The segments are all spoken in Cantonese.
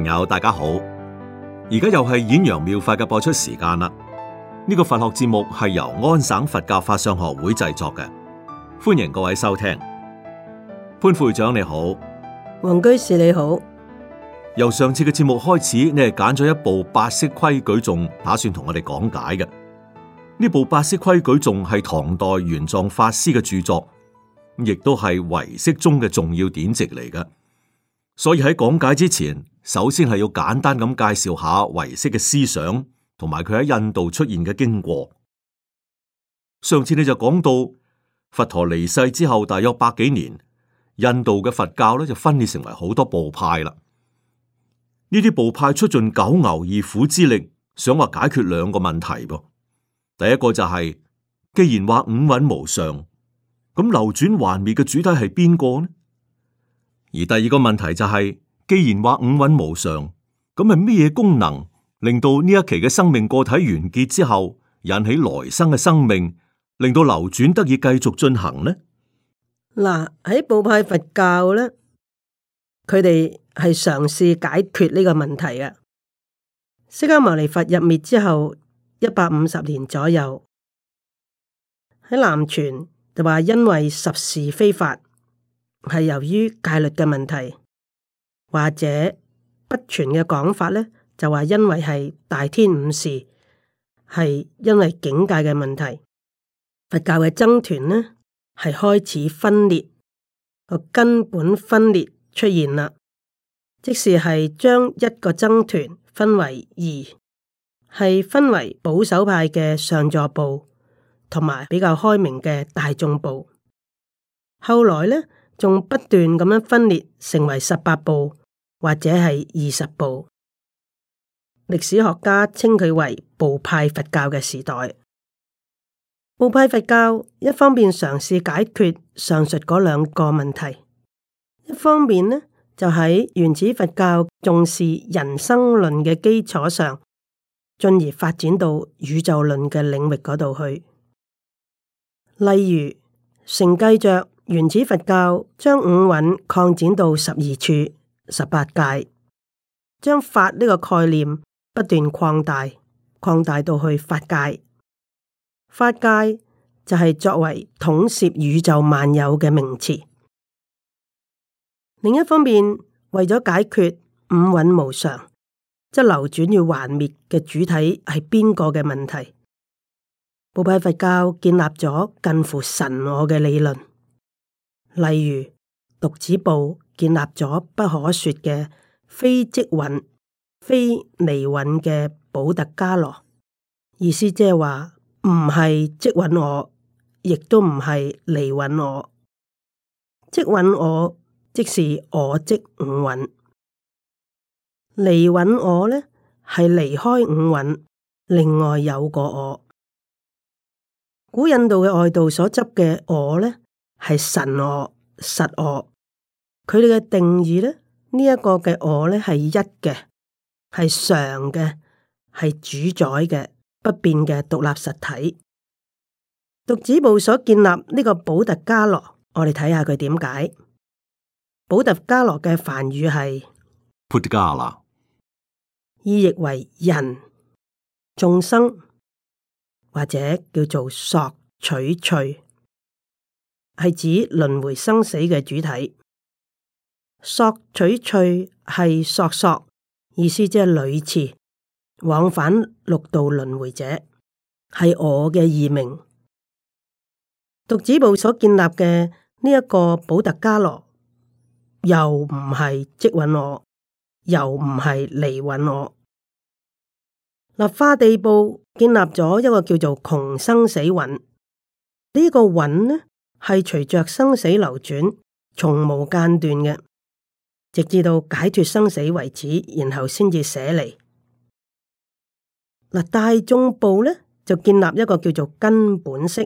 朋友大家好，而家又係演揚妙法嘅播出時間啦。呢、這個佛學節目係由安省佛教法相學會製作嘅，歡迎各位收聽。潘會長你好，黃居士你好。由上次嘅節目開始，你係揀咗一部《八識規矩頌》，打算同我哋講解嘅。呢部《八識規矩頌》係唐代玄奘法師嘅著作，亦都係唯識宗嘅重要典籍嚟嘅。所以喺講解之前，首先係要簡單咁介紹下唯識嘅思想，同埋佢喺印度出現嘅經過。上次你就講到佛陀離世之後，大約百幾年，印度嘅佛教咧就分裂成為好多部派啦。呢啲部派出盡九牛二虎之力，想話解決兩個問題噃。第一個就係、是，既然話五蘊無常，咁流轉還滅嘅主體係邊個呢？而第二個問題就係、是。既然話五蘊無常，咁係咩嘢功能令到呢一期嘅生命個體完結之後，引起來生嘅生命，令到流轉得以繼續進行呢？嗱，喺部派佛教咧，佢哋係嘗試解決呢個問題啊。釋迦牟尼佛入滅之後一百五十年左右，喺南傳就話因為十事非法，係由於戒律嘅問題。或者不全嘅講法呢，就話因為係大天五事，係因為境界嘅問題，佛教嘅僧團呢係開始分裂，個根本分裂出現啦。即使係將一個僧團分為二，係分為保守派嘅上座部，同埋比較開明嘅大眾部。後來呢仲不斷咁樣分裂，成為十八部。或者係二十部，歷史學家稱佢為部派佛教嘅時代。部派佛教一方面嘗試解決上述嗰兩個問題，一方面呢就喺原始佛教重視人生論嘅基礎上，進而發展到宇宙論嘅領域嗰度去。例如，承繼着原始佛教將五蘊擴展到十二處。十八界，將法呢個概念不斷擴大，擴大到去法界。法界就係作為統攝宇宙萬有嘅名詞。另一方面，為咗解決五蘊無常，即流轉與幻滅嘅主體係邊個嘅問題，部派佛教建立咗近乎神我嘅理論，例如。犢子部建立咗不可說嘅非即蘊、非離蘊嘅補特伽羅，意思即係話唔係即蘊我，亦都唔係離蘊我，我。即蘊我即是我即五蘊，離蘊我呢係離開五蘊，另外有個我。古印度嘅外道所執嘅我呢係神我。實我，佢哋嘅定義呢，呢、呢、一個嘅我呢，係一嘅，係常嘅，係主宰嘅，不變嘅獨立實體。犢子部所建立呢個補特伽羅，我哋睇下佢點解。補特伽羅嘅梵語係 Pudgala 意譯為人、眾生或者叫做數取趣。係指輪回生死嘅主體，數取趣係數數，意思即係類似往返六道輪回者，係我嘅異名。犢子部所建立嘅呢一個補特伽羅，又唔係即蘊我，又唔係離蘊我。立化地部建立咗一個叫做窮生死蘊，呢、這個蘊呢？係隨着生死流轉，從無間斷嘅，直至到解脫生死為止，然後先至捨離。嗱，大眾部咧就建立一個叫做根本識」；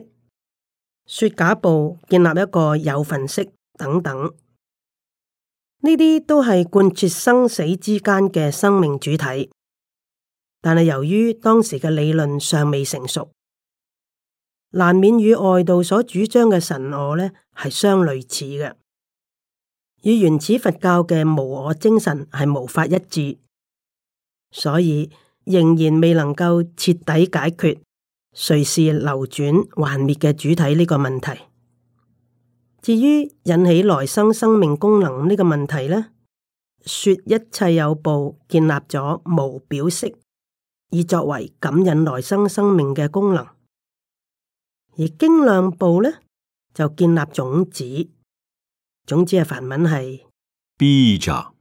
說假部建立一個有份識」等等。呢啲都係貫徹生死之間嘅生命主體，但係由於當時嘅理論尚未成熟。難免與外道所主張嘅神我呢係相類似嘅，與原始佛教嘅無我精神係無法一致，所以仍然未能夠徹底解決誰是流轉還滅嘅主體呢個問題。至於引起來生生命功能呢個問題呢，說一切有部建立咗無表色，以作為感引來生生命嘅功能。而經量部咧就建立種子，種子嘅梵文係 Bija。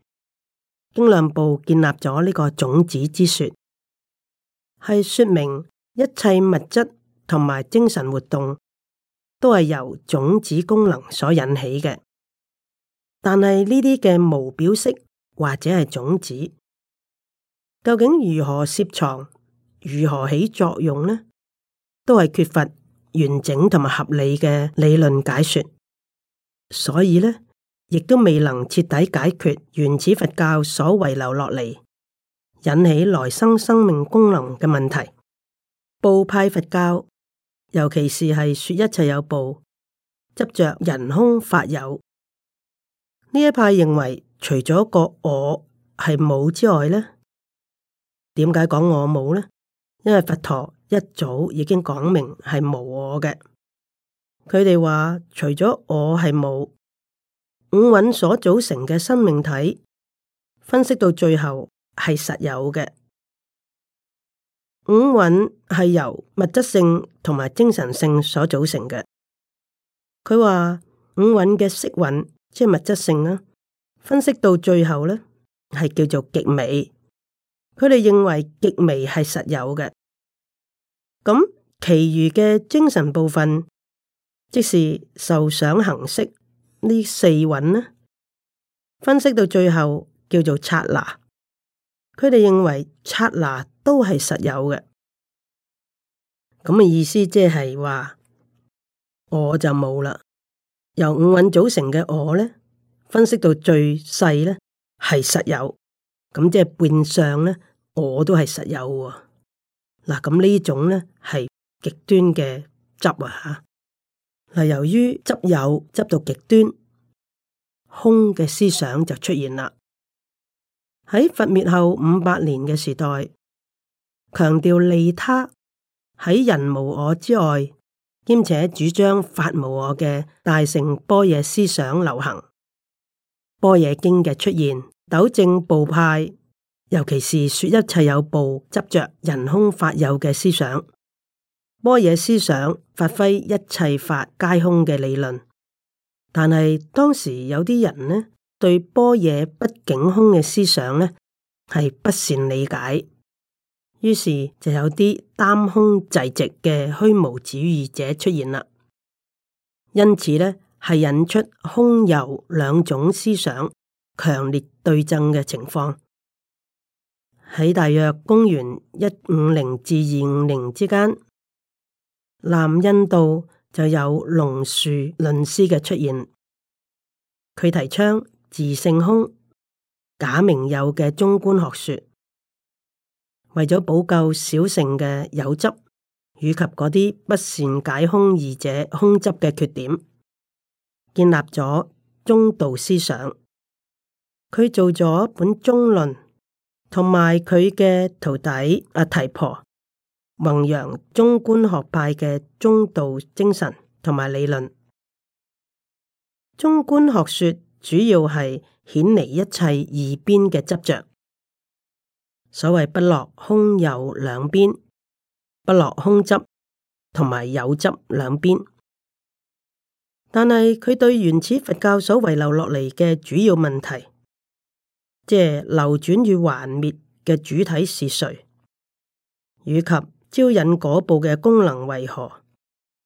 經量部建立咗呢個種子之說，係說明一切物質同埋精神活動都係由種子功能所引起嘅。但係呢啲嘅無表色或者係種子，究竟如何攝藏、如何起作用呢？都係缺乏完整同埋合理嘅理論解說，所以呢亦都未能徹底解決原始佛教所遺留落嚟引起來生生命功能嘅問題。部派佛教，尤其是係說一切有部，執着人空法有，呢一派認為除咗個我係冇之外呢，點解講我冇呢？因為佛陀一早已經講明係無我嘅，佢哋話除咗我係冇五蘊所組成嘅生命體，分析到最後係實有嘅。五蘊係由物質性同埋精神性所組成嘅。佢話五蘊嘅色蘊即係物質性啦，分析到最後咧係叫做極微。佢哋認為極微係實有嘅，咁其餘嘅精神部分，即是受想行識呢四蘊呢，分析到最後叫做剎那，佢哋認為剎那都係實有嘅。咁嘅意思即係話，我就冇啦。由五蘊組成嘅我呢，分析到最細呢，係實有。咁即係變相咧，我都係實有喎。嗱、啊，咁呢種咧係極端嘅執啊吓。嗱、啊，由於執有執到極端，空嘅思想就出現啦。喺佛滅後五百年嘅時代，強調利他，喺人無我之外，兼且主張法無我嘅大乘般若思想流行，般若經嘅出現。糾正部派，尤其是說一切有部執着人空法有嘅思想，般若思想發揮一切法皆空嘅理論。但係當時有啲人呢對般若畢竟空嘅思想呢係不善理解，於是就有啲耽空滯寂嘅虛無主義者出現啦。因此呢係引出空有兩種思想。強烈對症嘅情況，喺大約公元一五零至二五零之間，南印度就有龍樹論師嘅出現。佢提倡自性空假名有嘅中觀學說，為咗補救小乘嘅有執，以及嗰啲不善解空義者空執嘅缺點，建立咗中道思想。佢做咗一本《中論》，同埋佢嘅徒弟阿、啊、提婆弘揚中觀學派嘅中道精神同埋理論。中觀學說主要係顯離一切二邊嘅執着，所謂不落空有兩邊，不落空執同埋有執兩邊。但係佢對原始佛教所遺留落嚟嘅主要問題。即流轉與還滅嘅主體是誰，以及招引果部嘅功能為何？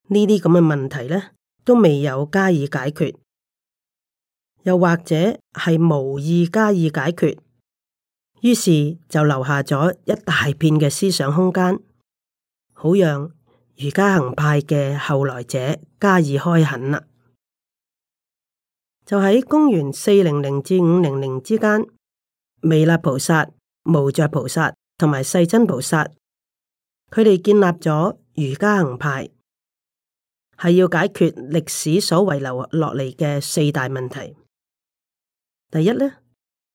呢啲咁嘅問題呢，都未有加以解決，又或者係無意加以解決，於是就留下咗一大片嘅思想空間，好讓瑜伽行派嘅後來者加以開墾啦。就喺公元四零零至五零零之間。彌勒菩薩、無著菩薩同埋世親菩薩，佢哋建立咗瑜伽行派，係要解決歷史所遺留落嚟嘅四大問題。第一呢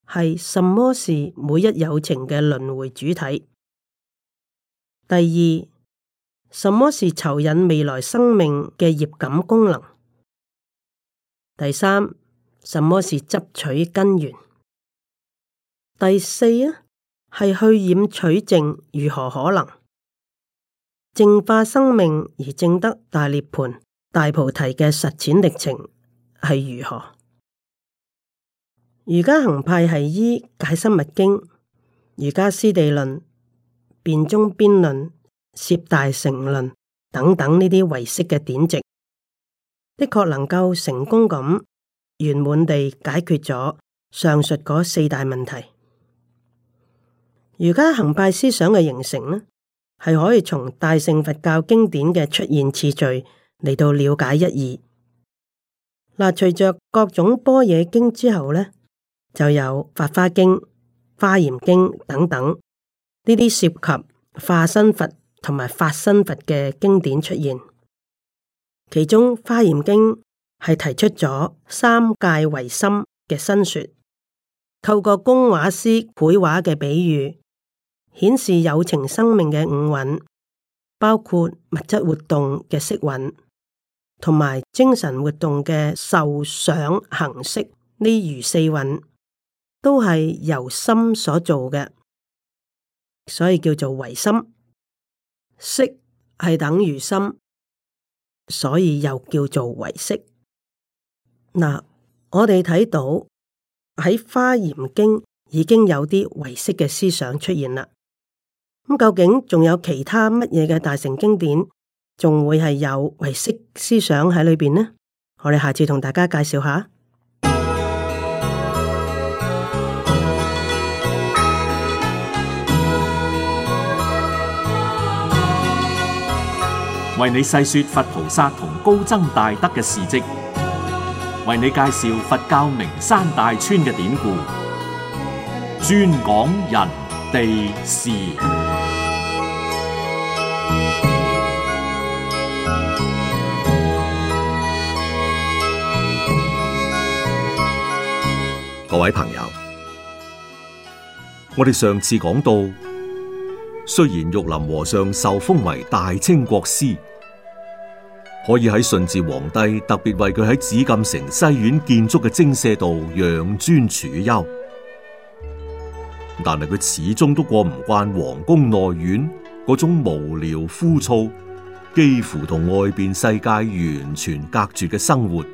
係什麼是每一有情嘅輪回主體；第二，什麼是吸引未來生命嘅業感功能；第三，什麼是執取根源。第四啊，係去染取淨如何可能？淨化生命而證得大涅盤、大菩提嘅實踐歷程係如何？瑜伽行派係依《解深密經》、《瑜伽師地論》、《辯中邊論》、《攝大乘論》等等呢啲唯識嘅典籍，的確能夠成功咁圓滿地解決咗上述嗰四大問題。而家行拜思想嘅形成呢，係可以從大乘佛教經典嘅出現次序嚟到了解一二。嗱，隨着各種般若經之後呢，就有《法華經》、《華嚴經》等等呢啲涉及化身佛同埋法身佛嘅經典出現。其中《華嚴經》係提出咗三界唯心嘅新說，透過工畫師繪畫嘅比喻。顯示有情生命嘅五蘊，包括物質活動嘅色蘊，同埋精神活動嘅受想行識呢，如四蘊都係由心所做嘅，所以叫做唯心。色係等於心，所以又叫做唯識。嗱，我哋睇到喺《華嚴經》已經有啲唯識嘅思想出現啦。咁究竟仲有其他乜嘢嘅大乘經典，仲會係有唯識思想喺裏邊呢？我哋下次同大家介紹下，為你細說佛菩薩同高僧大德嘅事跡，為你介紹佛教名山大川嘅典故，專講人地事。各位朋友，我哋上次講到，雖然玉林和尚受封為大清國師，可以喺順治皇帝特別為佢喺紫禁城西苑建築嘅精舍度養尊處優，但係佢始終都過唔慣皇宮內院嗰種無聊枯燥、幾乎同外邊世界完全隔絕嘅生活。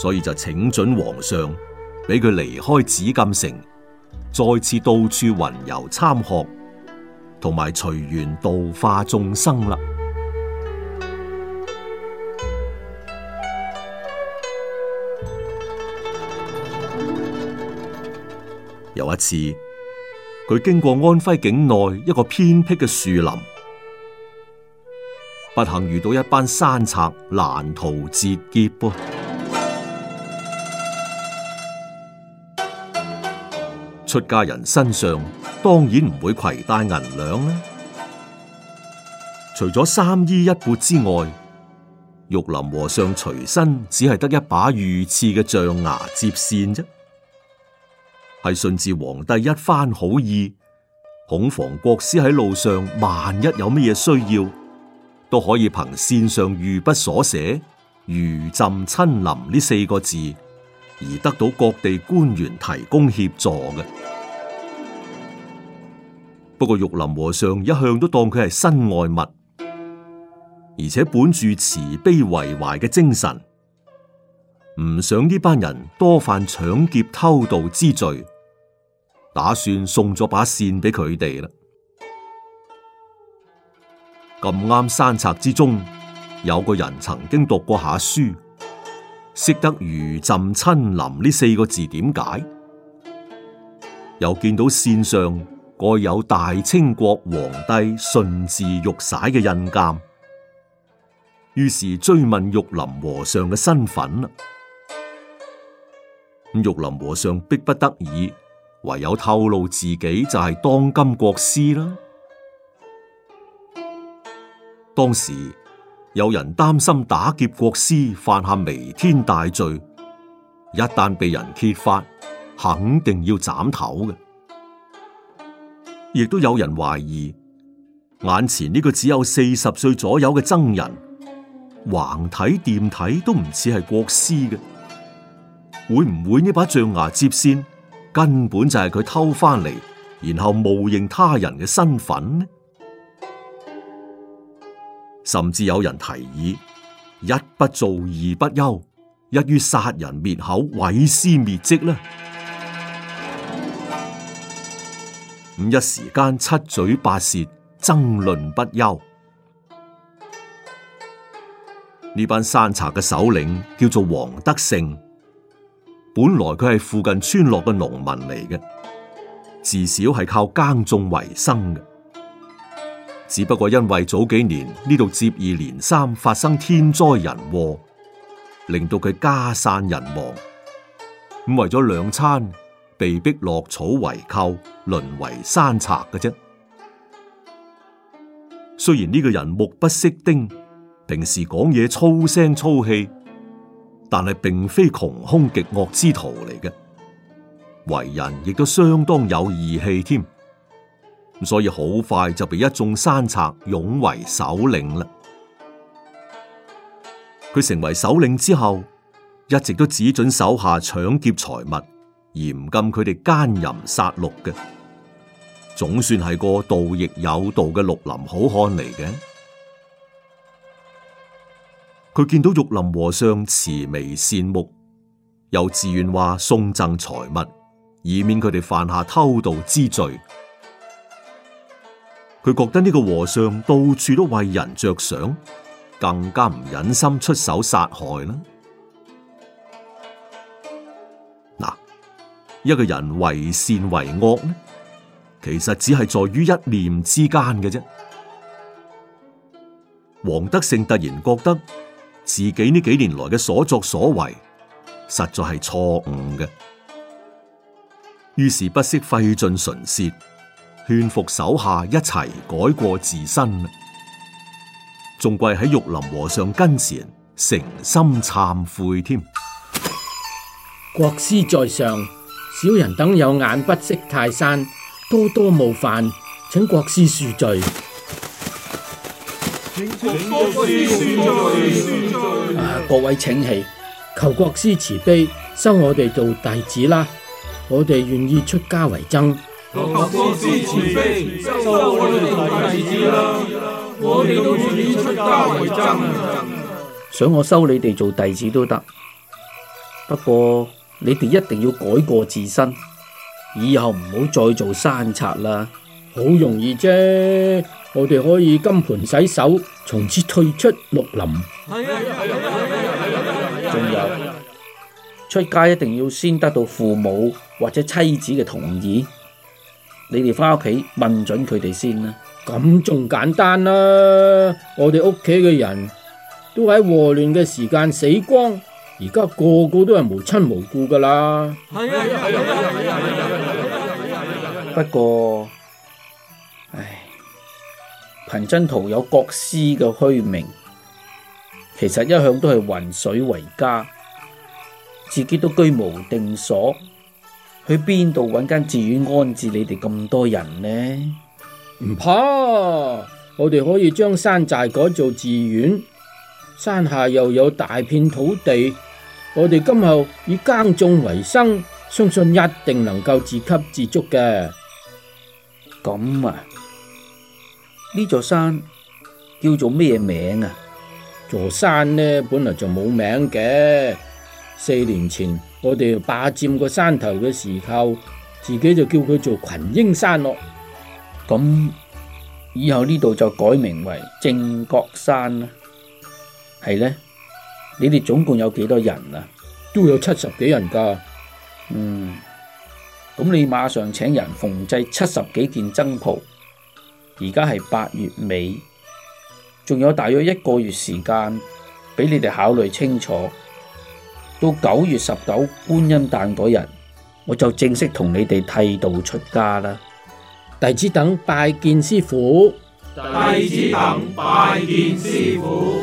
所以就請准皇上俾佢離開紫禁城，再次到處雲遊參學，同埋隨緣度化眾生啦。 有一次，佢經過安徽境內一個偏僻嘅樹林，不幸遇到一班山賊，難逃劫波噃。出家人身上當然唔會攜帶銀兩啦，除咗三衣一缽之外，玉林和尚隨身只係得一把御賜嘅象牙接線啫。係順治皇帝一番好意，恐防國師喺路上萬一有乜嘢需要，都可以憑線上御筆所寫“如朕親臨”呢四個字。而得到各地官員提供協助嘅，不過玉林和尚一向都當佢係身外物，而且本住慈悲為懷嘅精神，唔想呢班人多犯搶劫偷盜之罪，打算送咗把扇俾佢哋啦。咁啱山賊之中有個人曾經讀過下書。識得如朕親臨呢四個字點解？又見到線上蓋有大清國皇帝順治玉璽嘅印鑑，於是追問玉林和尚嘅身份。玉林和尚逼不得已，唯有透露自己就係當今國師啦。當時。有人擔心打劫國師犯下彌天大罪，一旦被人揭發，肯定要斬頭嘅。亦都有人懷疑眼前呢個只有四十歲左右嘅僧人，橫睇掂睇都唔似係國師嘅，會唔會呢把象牙接線根本就係佢偷翻嚟，然後冒認他人嘅身份呢？甚至有人提議一不做二不休，一於殺人滅口、毀屍滅跡。呢一時間七嘴八舌，爭論不休。呢班山賊嘅首領叫做黃德勝，本來佢係附近村落嘅農民嚟嘅，自小係靠耕種為生嘅。只不過因為早幾年呢度接二連三發生天災人禍，令到佢家散人亡，咁為咗兩餐，被逼落草為寇，淪為山賊嘅啫。雖然呢個人目不識丁，平時講嘢粗聲粗氣，但係並非窮凶極惡之徒嚟嘅，為人亦都相當有義氣添。所以好快就被一眾山賊擁為首領啦。佢成為首領之後，一直都只准手下搶劫財物，嚴禁佢哋奸淫殺戮嘅。總算係個盜亦有道嘅綠林好漢嚟嘅。佢見到玉林和尚慈眉善目，又自願話送贈財物，以免佢哋犯下偷盜之罪。佢覺得呢個和尚到處都為人着想，更加唔忍心出手殺害啦。嗱，一個人為善為惡呢，其實只係在於一念之間嘅啫。黃德勝突然覺得自己呢幾年來嘅所作所為實在係錯誤嘅，於是不惜費盡唇舌。勸服手下一齊改過自身，仲跪喺玉林和尚跟前誠心懺悔添。國師在上，小人等有眼不識泰山，多多冒犯，請國師恕罪。請國師恕罪啊！各位請起，求國師慈悲收我哋做弟子啦！我哋願意出家為僧。我哋做弟子出家為僧。想我收你哋做弟子都得，不過你哋一定要改過自新，以後唔好再做山賊啦！好容易啫，我哋可以金盆洗手，從此退出綠林。仲 有出家一定要先得到父母或者妻子嘅同意。你哋翻屋企問准佢哋先啦，咁仲簡單啦！我哋屋企嘅人都喺禍亂嘅時間死光，而家個個都係無親無故噶啦。不過，唉，貧僧徒有國師嘅虛名，其實一向都係雲水為家，自己都居無定所。去邊度搵間寺院安置你哋咁多人呢？唔怕，我哋可以將山寨改做寺院，山下又有大片土地，我哋今後以耕種為生，相信一定能夠自給自足嘅。咁啊，呢座山叫做咩名啊？座山呢，本來就冇名嘅。四年前我哋霸佔個山頭嘅時候，自己就叫佢做群英山咯。咁以後呢度就改名為正覺山啦。係呢，你哋總共有幾多人啊？都有七十幾人噶。嗯，咁你馬上請人縫製七十幾件僧袍。而家係八月尾，仲有大約一個月時間俾你哋考慮清楚。到九月十九觀音誕嗰日，我就正式同你哋剃度出家啦。弟子等拜見師傅，弟子等拜見師傅。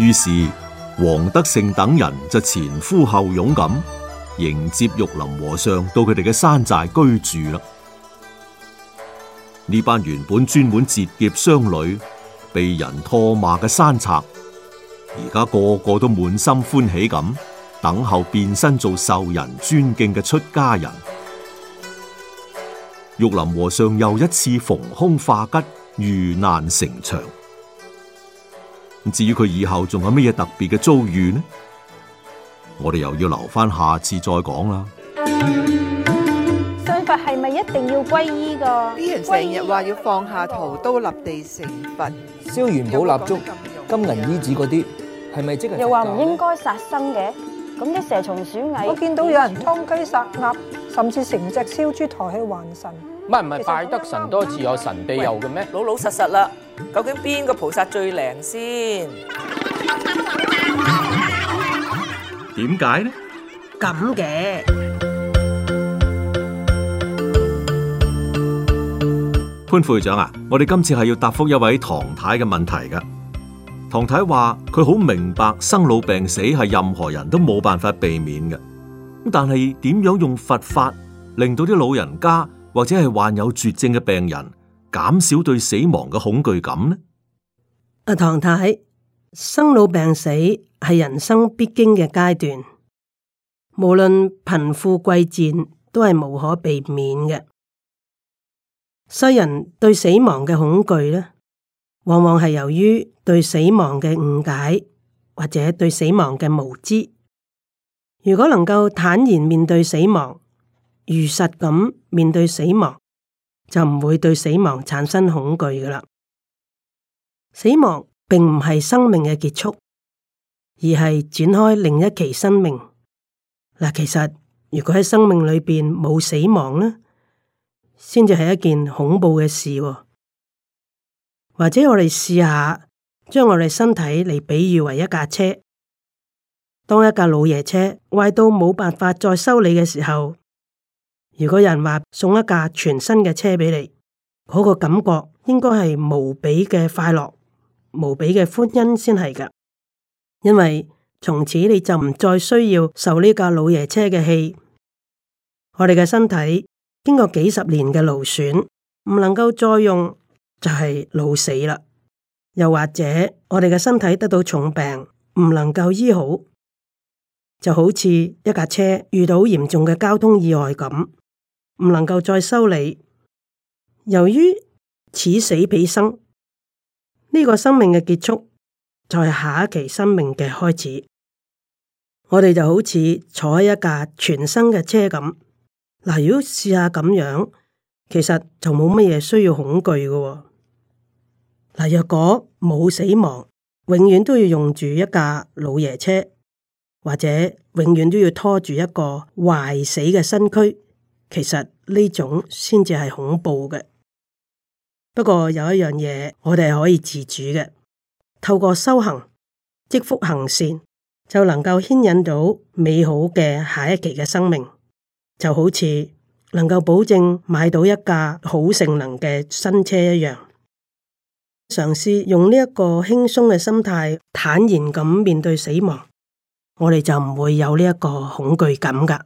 於是黃德勝等人就前呼後擁咁迎接玉林和尚到佢哋嘅山寨居住啦。呢班原本專門劫掠商旅、被人唾罵嘅山賊。而家個個都滿心歡喜咁，等候變身做受人尊敬嘅出家人。玉林和尚又一次逢凶化吉，遇難成祥。至於佢以後仲有咩嘢特別嘅遭遇呢？我哋又要留翻下次再講啦。信佛係咪一定要皈依㗎？啲人成日話要放下屠刀立地成佛，燒元寶、蠟燭、金銀衣紙嗰啲。係咪即係又話唔應該殺生嘅？咁啲蛇蟲鼠蟻，我見到有人劏雞殺鴨，甚至成隻燒豬抬去還神。唔係拜得神多，自有神庇佑嘅咩？老老實實啦，究竟邊個菩薩最靈先？點解呢？咁嘅潘副會長啊，我哋今次係要答復一位唐太嘅問題噶。唐太話佢好明白，生老病死係任何人都冇辦法避免嘅。但係點樣用佛法令到啲老人家或者係患有絕症嘅病人減少對死亡嘅恐懼感呢？阿唐太，生老病死係人生必經嘅階段，無論貧富貴賤都係無可避免嘅。世人對死亡嘅恐懼呢？往往係由於對死亡嘅誤解，或者對死亡嘅無知。如果能夠坦然面對死亡，如實咁面對死亡，就唔會對死亡產生恐懼㗎喇。死亡並唔係生命嘅結束，而係展開另一期生命。嗱，其實如果喺生命裏面冇死亡呢，先至係一件恐怖嘅事。或者我哋試下將我哋身體嚟，比喻為一架車。當一架老爺車壞到冇辦法再修理嘅時候，如果有人話送一架全新嘅車畀你，嗰個感覺應該係無比嘅快樂、無比嘅歡欣先係噶，因為從此你就唔再需要受呢架老爺車嘅氣。我哋嘅身體經過幾十年嘅勞損，唔能夠再用，就係老死啦，又或者我哋嘅身體得到重病，唔能夠醫好，就好似一架車遇到嚴重嘅交通意外咁，唔能夠再修理。由於此死彼生，呢個生命嘅結束，就係下一期生命嘅開始。我哋就好似坐一架全新嘅車咁，嗱，如果試下咁樣，其實就冇乜嘢需要恐懼嘅。嗱，若果冇死亡，永遠都要用住一架老爺車，或者永遠都要拖住一個壞死嘅身軀，其實呢種先至係恐怖嘅。不過有一樣嘢，我哋係可以自主嘅，透過修行積福行善，就能夠牽引到美好嘅下一期嘅生命，就好似能夠保證買到一架好性能嘅新車一樣。嘗試用呢一個輕鬆嘅心態，坦然咁面對死亡，我哋就唔會有呢一個恐懼感噶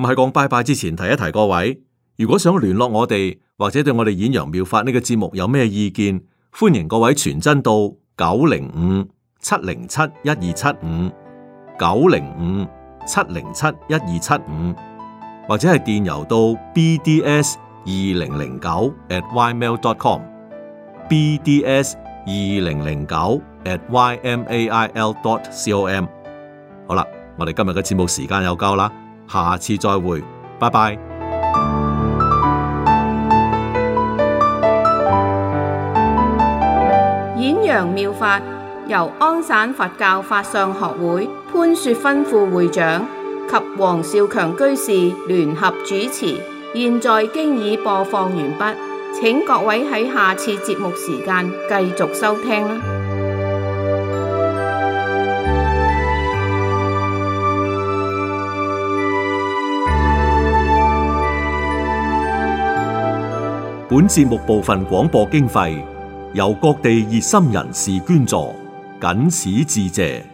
唔係，講拜拜之前提一提各位，如果想聯絡我哋，或者對我哋演揚妙法呢個節目有咩意見，歡迎各位傳真到九零五七零七一二七五，九零五七零七一二七五，75, 75，或者係電郵到 bds 二零零九 @ymail.com。bds 二零零九 atymail.com。好啦，我哋今日嘅節目時間又夠啦，下次再會，拜拜。演揚妙法由安省佛教法相學會潘雪芬副會長及黃少強居士聯合主持，現在經已播放完畢。請各位喺下次節目時間繼續收聽啦。本節目部分廣播經費由各地熱心人士捐助，謹此致謝。